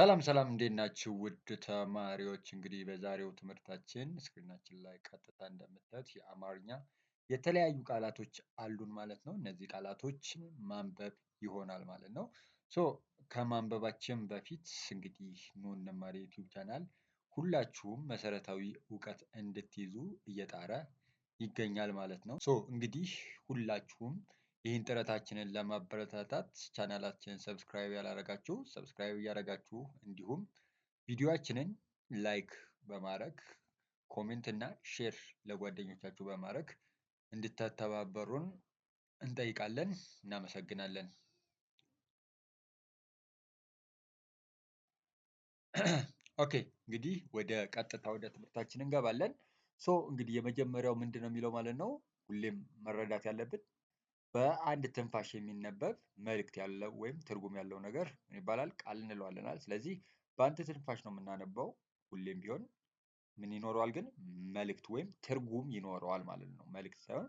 ሰላም ሰላም እንዴት ናችሁ ውድ ተማሪዎች እንግዲህ በዛሬው ትምህርታችን ስክሪናችን ላይ ቀጥታ እንደምታዩት የአማርኛ የተለያዩ ቃላቶች አሉን ማለት ነው። እነዚህ ቃላቶች ማንበብ ይሆናል ማለት ነው። ሶ ከማንበባችን በፊት እንግዲህ ኑ እንማር ዩቲዩብ ቻናል ሁላችሁም መሰረታዊ እውቀት እንድትይዙ እየጣረ ይገኛል ማለት ነው። ሶ እንግዲህ ሁላችሁም ይህን ጥረታችንን ለማበረታታት ቻናላችንን ሰብስክራይብ ያላረጋችሁ ሰብስክራይብ እያረጋችሁ እንዲሁም ቪዲዮችንን ላይክ በማድረግ ኮሜንት እና ሼር ለጓደኞቻችሁ በማድረግ እንድትተባበሩን እንጠይቃለን። እናመሰግናለን። ኦኬ እንግዲህ ወደ ቀጥታ ወደ ትምህርታችን እንገባለን። ሶ እንግዲህ የመጀመሪያው ምንድን ነው የሚለው ማለት ነው ሁሌም መረዳት ያለብን በአንድ ትንፋሽ የሚነበብ መልእክት ያለው ወይም ትርጉም ያለው ነገር ምን ይባላል? ቃል እንለዋለናል። ስለዚህ በአንድ ትንፋሽ ነው የምናነበው ሁሌም ቢሆን ምን ይኖረዋል ግን መልእክት ወይም ትርጉም ይኖረዋል ማለት ነው። መልእክት ሳይሆን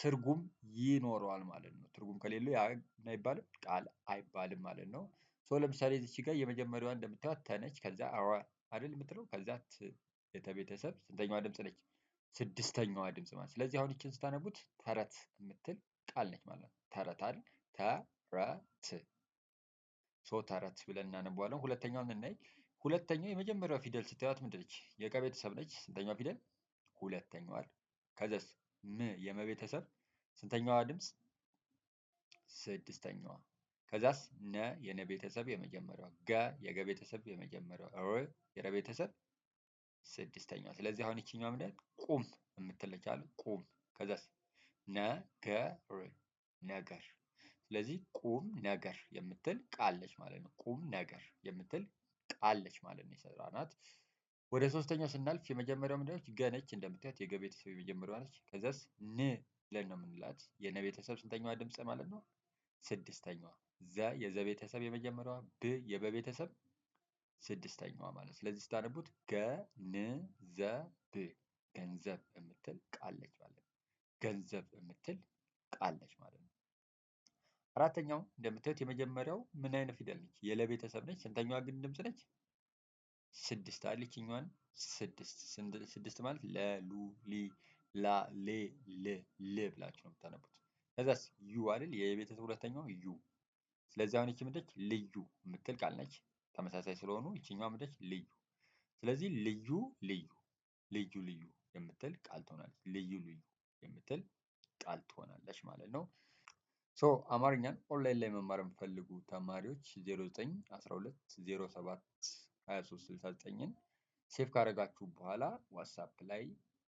ትርጉም ይኖረዋል ማለት ነው። ትርጉም ከሌለው ያ ምን አይባልም ቃል አይባልም ማለት ነው። ሶ ለምሳሌ እዚች ጋር የመጀመሪያዋ እንደምታዩት ተነች፣ ከዛ አዋ አይደል የምትለው ከዛ የተቤተሰብ ስንተኛዋ ድምጽ ነች? ስድስተኛዋ ድምጽ ማለት ስለዚህ አሁን ይችን ስታነቡት ተረት የምትል ቃል ነች ማለት ነው። ተረታል ተረት ሶ ተረት ብለን እናነበዋለን። ሁለተኛውን እናይ። ሁለተኛው የመጀመሪያው ፊደል ስታዩት ምንድነች? የቀ ቤተሰብ ነች። ስንተኛዋ ፊደል? ሁለተኛዋ አይደል? ም የመቤተሰብ ስንተኛዋ ድምፅ? ስድስተኛዋ። ከዛስ ነ የነ ቤተሰብ የመጀመሪያዋ፣ ገ የገ ቤተሰብ የመጀመሪያዋ፣ ር የረ ቤተሰብ ስድስተኛዋ። ስለዚህ አሁን ይችኛዋ ምንድን ቁም የምትለቻለ ቁም። ከዛስ ነገር ነገር ስለዚህ ቁም ነገር የምትል ቃለች ማለት ነው። ቁም ነገር የምትል ቃለች ማለት ነው የሰራናት። ወደ ሶስተኛው ስናልፍ የመጀመሪያው ምንድነች? ገ ነች እንደምታዩት የገ ቤተሰብ የመጀመሪያዋ ነች። ከዛስ ን ብለን ነው የምንላት የነ ቤተሰብ ስንተኛዋ ድምፅ ማለት ነው? ስድስተኛዋ ዘ የዘ ቤተሰብ የመጀመሪያዋ ብ የበ ቤተሰብ ስድስተኛዋ ማለት ስለዚህ ስታነቡት ገንዘብ ገንዘብ የምትል ቃለች ማለት ነው ገንዘብ የምትል ቃል ነች ማለት ነው። አራተኛው እንደምታዩት የመጀመሪያው ምን አይነት ፊደል ነች? የለቤተሰብ ነች። ስንተኛዋ ግን ድምፅ ነች? ስድስት አለችኛዋን ስድስት ስድስት ማለት ለ ሉ ሊ ላ ሌ ል ል ብላችሁ ነው የምታነቡት። ከዛስ ዩ አይደል? የቤተሰብ ሁለተኛው ዩ። ስለዚህ አሁን ይቺ ምንድነች? ልዩ የምትል ቃል ነች። ተመሳሳይ ስለሆኑ ይችኛዋ ምንድነች? ልዩ። ስለዚህ ልዩ ልዩ ልዩ ልዩ የምትል ቃል ትሆናለች። ልዩ ልዩ የምትል ቃል ትሆናለች ማለት ነው። ሶ አማርኛን ኦንላይን ላይ መማር የምፈልጉ ተማሪዎች 0912072369ን ሴፍ ካደረጋችሁ በኋላ ዋትሳፕ ላይ፣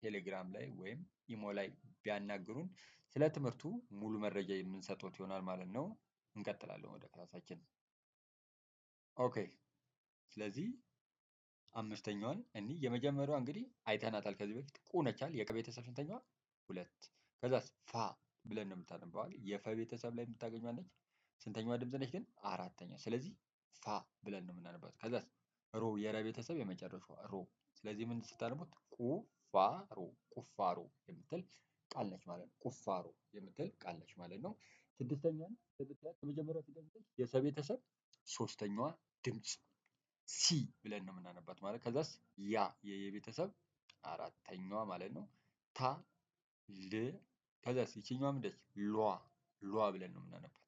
ቴሌግራም ላይ ወይም ኢሞ ላይ ቢያናግሩን ስለ ትምህርቱ ሙሉ መረጃ የምንሰጦት ይሆናል ማለት ነው። እንቀጥላለን ወደ ክላሳችን። ኦኬ ስለዚህ አምስተኛዋን እኒህ የመጀመሪያዋ እንግዲህ አይተናታል ከዚህ በፊት ቁ ነቻል የቀ ቤተሰብ ስንተኛዋ ሁለት ከዛስ ፋ ብለን ነው የምታነባዋል። የፈ ቤተሰብ ላይ የምታገኟለች ስንተኛዋ ድምፅ ነች ግን? አራተኛ። ስለዚህ ፋ ብለን ነው የምናነባት። ከዛስ ሮ የረ ቤተሰብ የመጨረሻ ሮ። ስለዚህ ምን ስታነቡት ቁፋሮ ቁፋሮ የምትል ቃል ነች ማለት ነው። ቁፋሮ የምትል ቃል ነች ማለት ነው። ስድስተኛን ከመጀመሪያው ፊደል የሰ ቤተሰብ ሶስተኛዋ ድምፅ ሲ ብለን ነው የምናነባት ማለት ከዛስ ያ የየቤተሰብ አራተኛዋ ማለት ነው ታ ል ከዛስ ይቺኛዋ ምንድነች ሏ ሏ ብለን ነው የምናነባት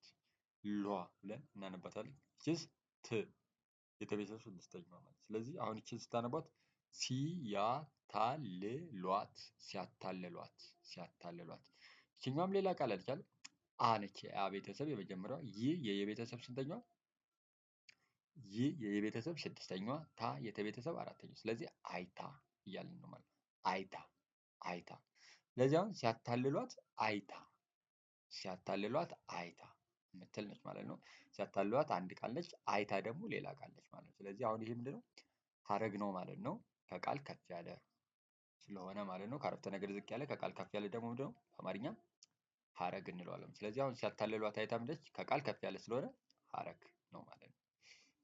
ሏ ብለን እናነባታለን። ይቺስ ት የተቤተሰብ ስድስተኛዋ ማለት ስለዚህ አሁን ይቺን ስታነቧት ሲያታልሏት ሲያታልሏት ሲያታልሏት ይቺኛዋም ሌላ ቃል አለች አይደል አ ነች የአ ቤተሰብ የመጀመሪያዋ ይህ የየቤተሰብ ስንተኛዋ ይህ የየቤተሰብ ስድስተኛዋ ታ የተቤተሰብ አራተኛ። ስለዚህ አይታ እያልን ነው ማለት አይታ አይታ ለዚያውን ሲያታልሏት አይታ ሲያታልሏት አይታ የምትል ነች ማለት ነው። ሲያታልሏት አንድ ቃል ነች፣ አይታ ደግሞ ሌላ ቃል ነች ማለት ነው። ስለዚህ አሁን ይሄ ምንድነው ሀረግ ነው ማለት ነው። ከቃል ከፍ ያለ ስለሆነ ማለት ነው። ከአረፍተ ነገር ዝቅ ያለ ከቃል ከፍ ያለ ደግሞ ምንድነው በአማርኛ ሀረግ እንለዋለን። ስለዚህ አሁን ሲያታልሏት አይታ ምንድነች ከቃል ከፍ ያለ ስለሆነ ሀረግ ነው ማለት ነው።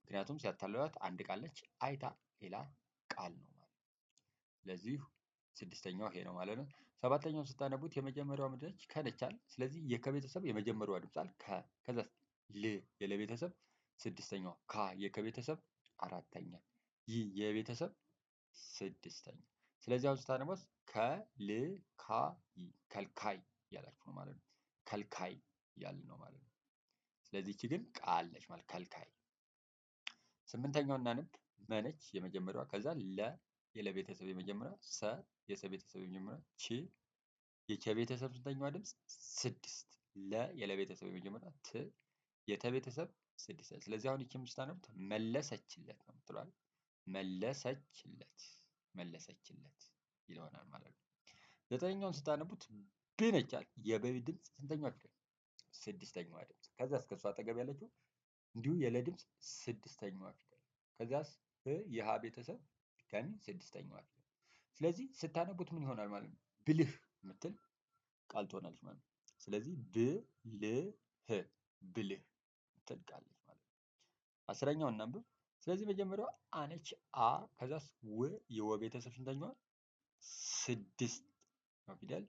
ምክንያቱም ሲያታልሏት አንድ ቃል ነች፣ አይታ ሌላ ቃል ነው ማለት ነው። ስለዚህ ስድስተኛዋ ይሄ ነው ማለት ነው። ሰባተኛውን ስታነቡት የመጀመሪያዋ ምድነች ከነቻል። ስለዚህ የከቤተሰብ የመጀመሪያዋ ድምፃል ከ። ከዛ ል የለቤተሰብ ስድስተኛው ካ የከቤተሰብ አራተኛ ይ የቤተሰብ ስድስተኛ። ስለዚህ አሁን ስታነቧት ከልካይ ከልካይ እያላችሁ ነው ማለት ነው። ከልካይ እያልን ነው ማለት ነው። ስለዚህ ይቺ ግን ቃለች ማለት ከልካይ። ስምንተኛው እናንብ መነች የመጀመሪያዋ ከዛ ለ የለቤተሰብ የመጀመሪያ ሰ የሰቤተሰብ የመጀመሪያ ቺ የቸቤተሰብ ስንተኛዋ ድምፅ ስድስት ለ የለቤተሰብ የመጀመሪያ ት የተቤተሰብ ስድስት ስለዚህ አሁን ይችም ስታነቡት መለሰችለት ነው ምትሏል መለሰችለት መለሰችለት ይለሆናል ማለት ነው ዘጠነኛውን ስታነቡት ብነቻል የበቢ ድምፅ ስንተኛዋ ፊደል ስድስተኛዋ ድምፅ ከዚያ እስከ አጠገብ ያለችው እንዲሁ የለ ድምፅ ስድስተኛዋ ፊደል ከዚያስ የሀ ቤተሰብ ያንን ስድስተኛዋ ፊደል። ስለዚህ ስታነቡት ምን ይሆናል ማለት ነው? ብልህ የምትል ቃል ትሆናለች ማለት ነው። ስለዚህ ብልህ ብልህ የምትል ቃል ነች ማለት ነው። አስረኛውን እናንብብ። ስለዚህ መጀመሪያዋ አነች አ፣ ከዛስ ው የወ ቤተሰብ ስንተኛዋ? ስድስት ነው ፊደል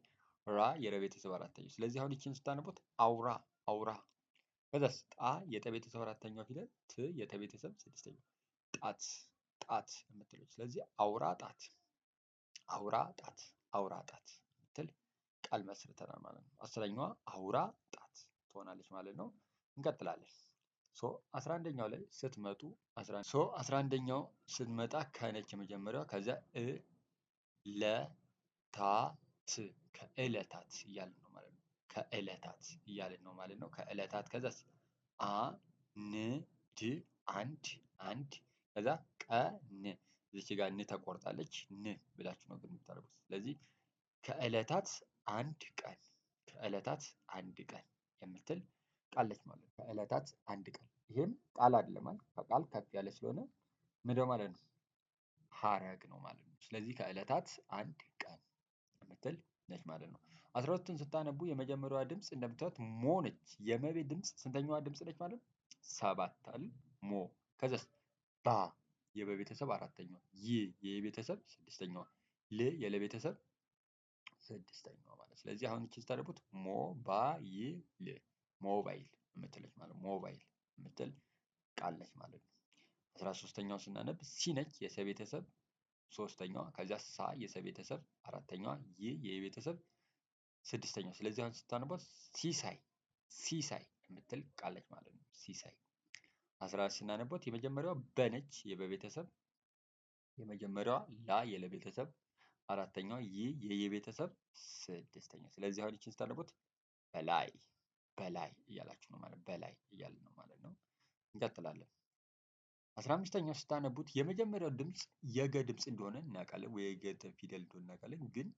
ራ የረ ቤተሰብ አራተኛ። ስለዚህ አሁን ይችን ስታነቡት አውራ አውራ። ከዛስ ጣ የጠ ቤተሰብ አራተኛዋ ፊደል ት የተ ቤተሰብ ስድስተኛ ጣት ጣት የምትለው ስለዚህ አውራ ጣት አውራ ጣት አውራ ጣት የምትል ቃል መስርተናል ማለት ነው። አስረኛዋ አውራ ጣት ትሆናለች ማለት ነው። እንቀጥላለን። ሶ አስራ አንደኛው ላይ ስትመጡ ሶ አስራ አንደኛው ስትመጣ ከነች የመጀመሪያ ከዚያ እ ለ ታ ት ከእለታት እያልን ነው ማለት ነው። ከእለታት እያልን ነው ማለት ነው። ከእለታት ከዛስ አ ን ድ አንድ አንድ ከዛ ቀን እዚች ጋር ን ተቆርጣለች ን ብላችሁ ነው የምታደርጉት። ስለዚህ ከእለታት አንድ ቀን ከእለታት አንድ ቀን የምትል ቃለች ማለት ነው። ከእለታት አንድ ቀን ይህም ቃል አይደለም ማለት ከቃል ከፍ ያለ ስለሆነ ምንድነው ማለት ነው ሀረግ ነው ማለት ነው። ስለዚህ ከእለታት አንድ ቀን የምትል ነች ማለት ነው። አስራ ሁለቱን ስታነቡ የመጀመሪያዋ ድምፅ እንደምታዩት ሞ ነች። የመቤት ድምፅ ስንተኛዋ ድምፅ ነች ማለት ነው? ሰባት አይደል ሞ ከዛስ ባ የበቤተሰብ አራተኛዋ ይ የቤተሰብ ስድስተኛዋ ል የለቤተሰብ ስድስተኛዋ ማለት ስለዚህ አሁን ስታደርጉት ሞ ባ ይ ል ሞባይል የምትለች ማለት ሞባይል የምትል ቃል ነች ማለት ነው። አስራ ሶስተኛው ስናነብ ሲ ነች የሰ ሶስተኛዋ ከዚያ ሳ የሰቤተሰብ ቤተሰብ አራተኛዋ ይ የቤተሰብ ስድስተኛዋ ስለዚህ አሁን ስታነቧት ሲሳይ ሲሳይ የምትል ቃል ነች ማለት ነው ሲሳይ 14 ስናነቦት የመጀመሪያዋ በነች የበቤተሰብ የመጀመሪያዋ ላ የለቤተሰብ አራተኛው ይ የየቤተሰብ ስድስተኛ። ስለዚህ አሁን ይችን ስታነቦት በላይ በላይ እያላችሁ ነው ማለት በላይ እያለ ነው ማለት ነው። እንቀጥላለን። አስራ አምስተኛው ስታነቡት የመጀመሪያው ድምፅ የገ ድምፅ እንደሆነ እናውቃለን፣ ወይ የገ ፊደል እንደሆነ እናውቃለን። ግን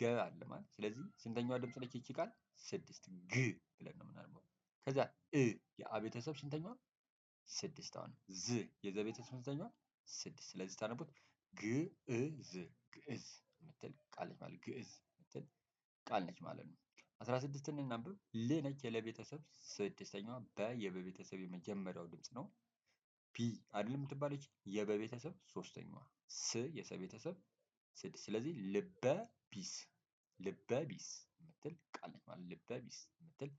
ገ አለ ማለት ስለዚህ ስንተኛዋ ድምፅ ነች ይቺ ቃል? ስድስት ግ ብለን ነው ምናነበው። ከዚያ እ የአቤተሰብ ስንተኛዋ ስድስት አሁን ዝ የዘ ቤተሰብ ስንተኛ ስድስት። ስለዚህ ታነቡት ግዕዝ ግዕዝ የምትል ቃል ነች ማለት ግዕዝ የምትል ቃል ነች ማለት ነው። አስራ ስድስትን እናንብብ። ል ነች የለ ቤተሰብ ስድስተኛዋ። በ የበቤተሰብ የመጀመሪያው ድምፅ ነው። ቢ አይደል የምትባለች የበቤተሰብ ሶስተኛዋ። ስ የሰ ቤተሰብ ስድስት። ስለዚህ ልበ ቢስ ልበ ቢስ የምትል ቃል ነች ማለት ልበ ቢስ የምትል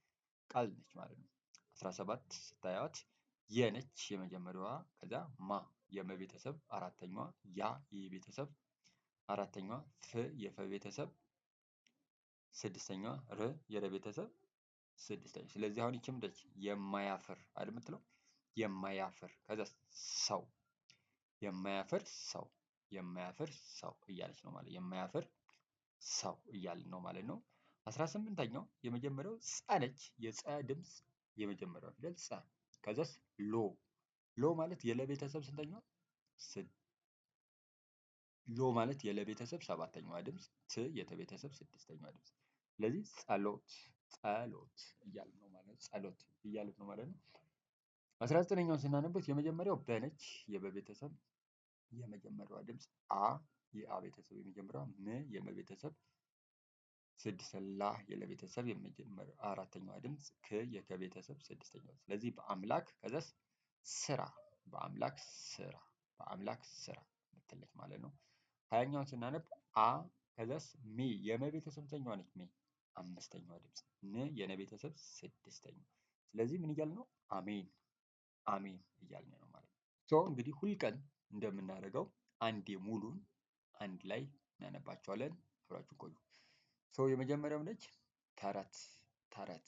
ቃል ነች ማለት ነው። አስራ ሰባት ስታያት የነች ነች የመጀመሪያዋ ከዛ ማ የመቤተሰብ ቤተሰብ አራተኛዋ ያ የቤተሰብ አራተኛዋ ፍ የፈቤተሰብ ቤተሰብ ስድስተኛዋ ር የረ ስድስተኛ። ስለዚህ አሁን ይችም ደች የማያፍር አይደል የምትለው የማያፍር ከዛ ሰው የማያፍር ሰው የማያፍር ሰው እያለች ነው ማለት የማያፍር ሰው እያልን ነው ማለት ነው። አስራ ስምንተኛው የመጀመሪያው ጸ ነች የጸ ድምፅ የመጀመሪያው ፊደል ጸ ከዛስ ሎ ሎ ማለት የለቤተሰብ ስንተኛዋ ስ ሎ ማለት የለቤተሰብ ሰባተኛዋ ድምፅ ት የተቤተሰብ ስድስተኛዋ ድምፅ ስለዚህ ጸሎት ጸሎት እያሉት ነው ማለት ጸሎት እያልን ነው ማለት ነው። አስራ ዘጠነኛውን ስናነብበት የመጀመሪያው በነች የበቤተሰብ የመጀመሪያዋ ድምፅ አ የአ ቤተሰብ የመጀመሪያዋ ም የመ ስድስት የለቤተሰብ የመጀመሪያው አራተኛዋ ድምፅ ክ የከቤተሰብ ስድስተኛው ስለዚህ በአምላክ ከዛስ ስራ በአምላክ ስራ በአምላክ ስራ ምትለች ማለት ነው። ሀያኛውን ስናነብ አ ከዛስ ሚ የመቤተሰብ ስንተኛዋ ነች? ሚ አምስተኛዋ ድምፅ ን የነቤተሰብ ስድስተኛው ስለዚህ ምን እያልን ነው? አሜን አሜን እያልን ነው ማለት ነው። ሶ እንግዲህ ሁልቀን እንደምናደርገው አንዴ ሙሉን አንድ ላይ እናነባቸዋለን። አብራችሁ ቆዩ። ሶ የመጀመሪያው ልጅ ተረት ተረት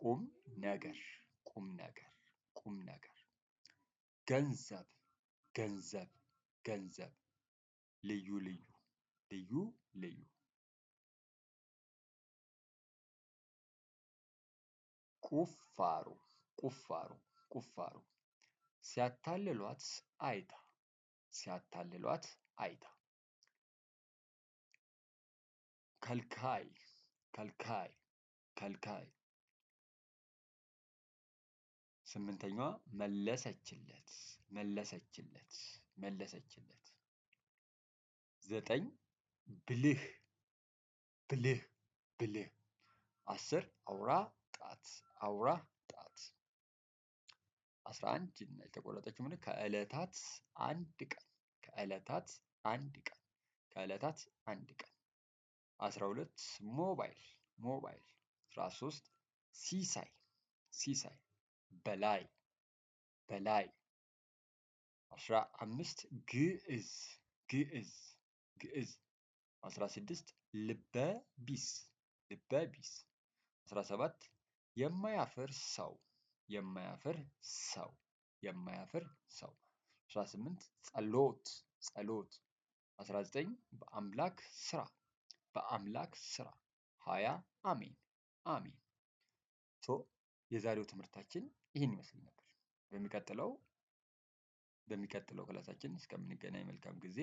ቁም ነገር ቁም ነገር ቁም ነገር ገንዘብ ገንዘብ ገንዘብ ልዩ ልዩ ልዩ ልዩ ቁፋሮ ቁፋሮ ቁፋሮ ሲያታልሏት አይታ ሲያታልሏት አይታ ከልካይ ከልካይ ከልካይ ስምንተኛዋ መለሰችለት መለሰችለት መለሰችለት ዘጠኝ ብልህ ብልህ ብልህ አስር አውራ ጣት አውራ ጣት አስራ አንድ የተቆረጠችው ምን ከእለታት አንድ ቀን ከእለታት አንድ ቀን ከእለታት አንድ ቀን 12 ሞባይል ሞባይል 13 ሲሳይ ሲሳይ በላይ በላይ 15 ግዕዝ ግዕዝ ግዕዝ 16 ልበ ቢስ 17 የማያፍር ሰው የማያፍር ሰው የማያፍር ሰው 18 ጸሎት ጸሎት 19 በአምላክ ስራ በአምላክ ስራ ሃያ አሜን አሜን። ሶ የዛሬው ትምህርታችን ይህን ይመስል ነበር። በሚቀጥለው በሚቀጥለው ክላሳችን እስከምንገናኝ መልካም ጊዜ